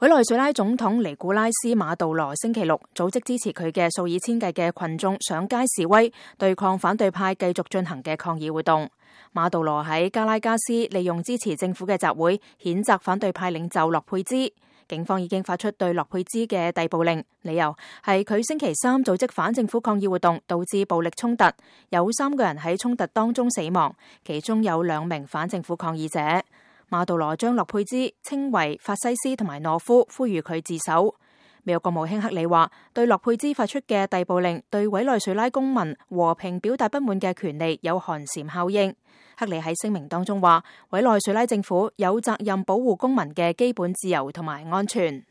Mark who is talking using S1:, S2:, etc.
S1: 委內瑞拉總統尼古拉斯馬杜羅星期六組織支持佢嘅數以千計嘅群眾上街示威，對抗反對派繼續進行嘅抗議活動。馬杜羅喺加拉加斯利用支持政府嘅集會，譴責反對派領袖洛佩茲。警方已經發出對洛佩茲嘅逮捕令，理由係佢星期三組織反政府抗議活動，導致暴力衝突，有三個人喺衝突當中死亡，其中有兩名反政府抗議者。馬杜羅將洛佩茲稱為法西斯同埋懦夫，呼籲佢自首。美國國務卿克里話，對洛佩茲發出嘅逮捕令，對委內瑞拉公民和平表達不滿嘅權利有寒蟬效應。克里喺聲明當中話，委內瑞拉政府有責任保護公民嘅基本自由同埋
S2: 安全。